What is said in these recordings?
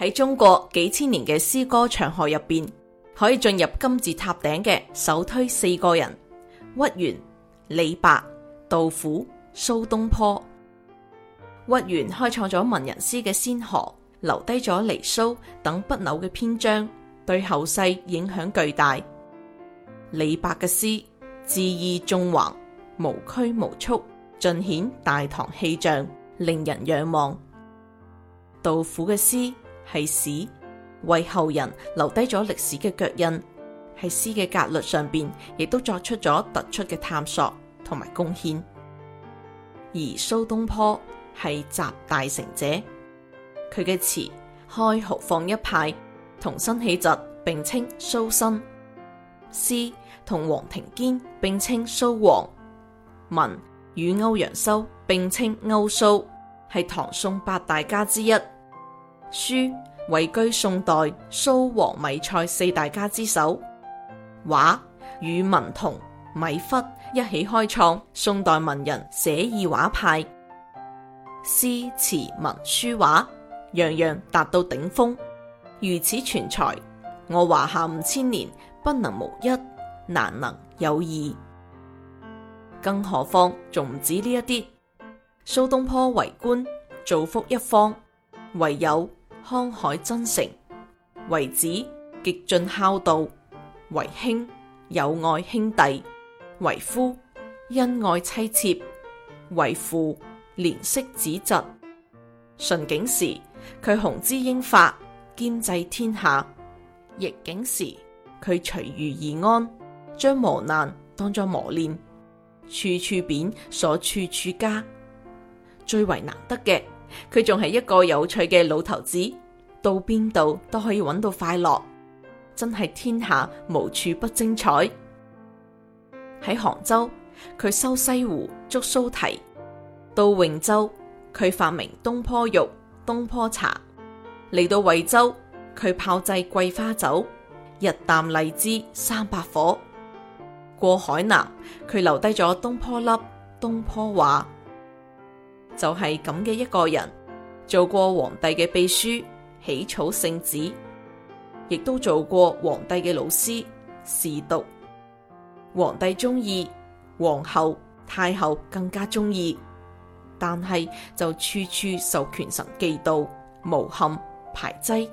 喺中國幾千年嘅詩歌長河入邊，可以進入金字塔頂嘅首推四個人：屈原、李白、杜甫、蘇東坡。屈原開創咗文人詩嘅先河，留低咗離騷等不朽嘅篇章，對後世影響巨大。李白嘅詩恣意縱橫，無拘無束，盡顯大唐氣象，令人仰望。杜甫嘅詩，係詩，為後人留低咗歷史嘅腳印，喺詩嘅格律上邊亦都作出咗突出嘅探索同埋貢獻。而蘇東坡係集大成者，佢嘅詞開豪放一派，同辛棄疾並稱蘇辛；詩同黃庭堅並稱蘇黃；文與歐陽修並稱歐蘇，係唐宋八大家之一。書位居宋代蘇黃米蔡四大家之首，畫與文同米芾一起開創宋代文人寫意畫派，詩詞文書畫樣樣達到頂峰。如此全才，我華夏五千年不能無一，難能有二。更何況仲唔止呢一啲，蘇東坡為官造福一方，唯有。慷慨真誠，為子極盡孝道；為兄友愛兄弟；為夫恩愛妻妾；為父憐惜子侄。順境時，佢雄姿英發，兼濟天下；逆境時，佢隨遇而安，將磨難當作磨練。處處貶，所處處家。最為難得嘅，佢仲係一個有趣嘅老頭子。到邊度都可以搵到快樂，真係天下無處不精彩。喺杭州，佢修西湖、築蘇堤；到永州，佢發明東坡肉、東坡茶；嚟到惠州，佢炮製桂花酒；日啖荔枝三百火；過海南，佢留低咗東坡笠、東坡話。就係咁嘅一個人，做過皇帝嘅秘書。起草聖旨，亦都做過皇帝嘅老師，侍讀。皇帝中意，皇后、太后更加中意，但係就處處受權臣忌妒、誣陷、排擠，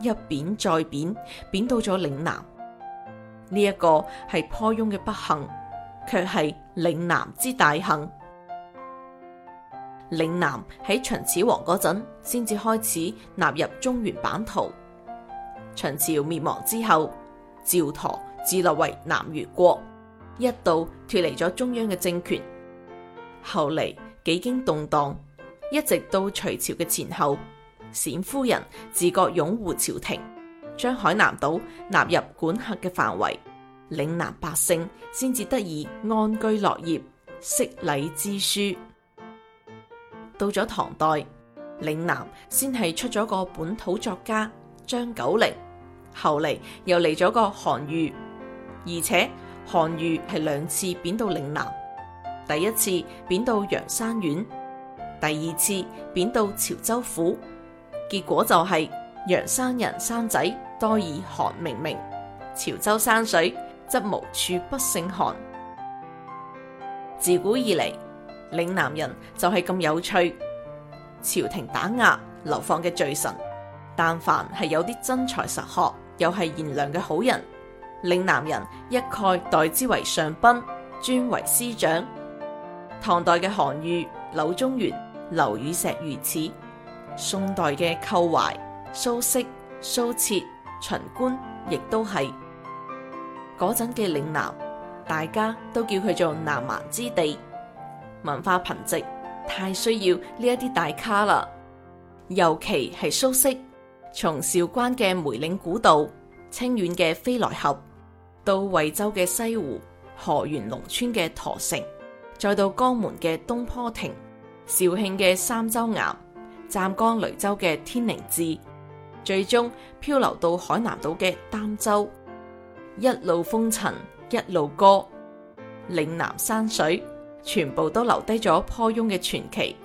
一貶再貶，貶到咗嶺南。呢、這、一個係頗庸嘅不幸，卻係嶺南之大幸。嶺南喺秦始皇嗰陣先至開始納入中原版圖，秦朝滅亡之後，趙佗自立為南越國，一度脱離咗中央嘅政權。後嚟幾經動盪，一直到隋朝嘅前後，冼夫人自覺擁護朝廷，將海南島納入管轄嘅範圍，嶺南百姓先至得以安居樂業，識禮知書。到咗唐代，嶺南先係出咗個本土作家張九齡，後嚟又嚟咗個韓愈，而且韓愈係兩次貶到嶺南，第一次貶到陽山縣，第二次貶到潮州府，結果就係、是、陽山人生仔多以韓命名，潮州山水則無處不姓韓，自古以嚟。嶺南人就係咁有趣，朝廷打壓流放嘅罪臣，但凡係有啲真才實學，又係賢良嘅好人，嶺南人一概待之為上賓，尊為師長。唐代嘅韓愈、柳宗元、劉禹錫如此，宋代嘅寇懷、蘇軾、蘇轍、秦觀，亦都係。嗰陣嘅嶺南，大家都叫佢做南蠻之地。文化貧瘠，太需要呢一啲大咖啦！尤其係蘇軾，從韶關嘅梅嶺古道、清遠嘅飛來峽，到惠州嘅西湖、河源農村嘅佗城，再到江門嘅東坡亭、肇慶嘅三洲岩、湛江雷州嘅天寧寺，最終漂流到海南島嘅儋州，一路風塵，一路歌，嶺南山水。全部都留低咗坡翁嘅傳奇，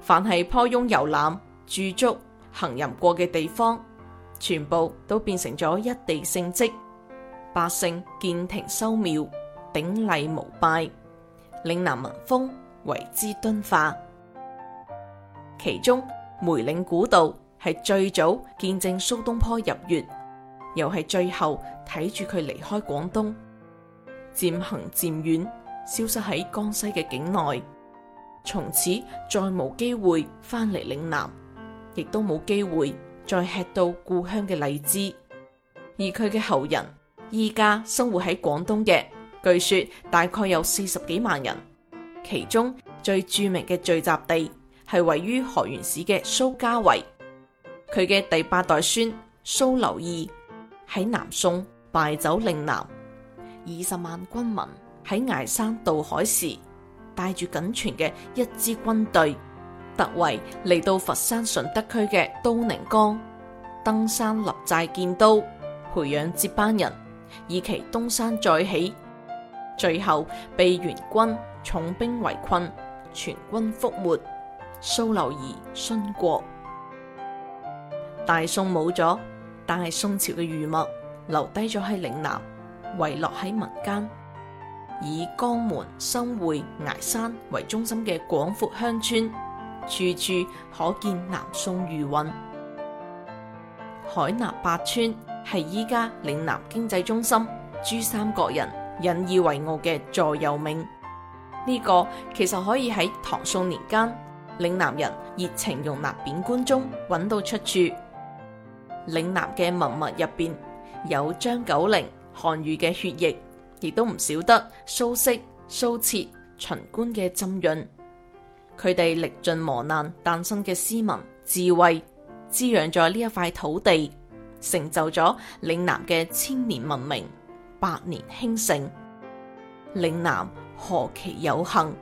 凡係坡翁遊覽、駐足、行吟過嘅地方，全部都變成咗一地聖迹。百姓建亭修廟，頂禮膜拜，嶺南文風為之敦化。其中梅嶺古道係最早見證蘇東坡入粵，又係最後睇住佢離開廣東，漸行漸遠，消失喺江西嘅境內，從此再冇機會翻嚟嶺南，亦都冇機會再吃到故鄉嘅荔枝。而佢嘅後人依家生活喺廣東嘅，據說大概有四十幾萬人。其中最著名嘅聚集地係位於河源市嘅蘇家圍。佢嘅第八代孫蘇劉義喺南宋敗走嶺南，二十萬軍民。喺崖山渡海時，帶住僅存嘅一支軍隊突圍嚟到佛山順德區嘅都寧江登山立寨建都，培養接班人，以期東山再起。最後被元軍重兵圍困，全軍覆沒，蘇劉義殉國。大宋冇咗，但係宋朝嘅餘墨留低咗喺嶺南，遺落喺民間。以江門、新會、崖山為中心嘅廣闊鄉村，處處可見南宋餘韻。海納百川係依家嶺南經濟中心珠三角人引以為傲嘅座右銘。呢、這個其實可以喺唐宋年間嶺南人熱情容納貶官中揾到出處。嶺南嘅文物入邊有張九齡、韓愈嘅血液。亦都唔少得蘇軾、蘇轍、秦觀嘅浸潤，佢哋歷盡磨難誕生嘅詩文智慧，滋養咗呢一塊土地，成就咗嶺南嘅千年文明、百年興盛。嶺南何其有幸！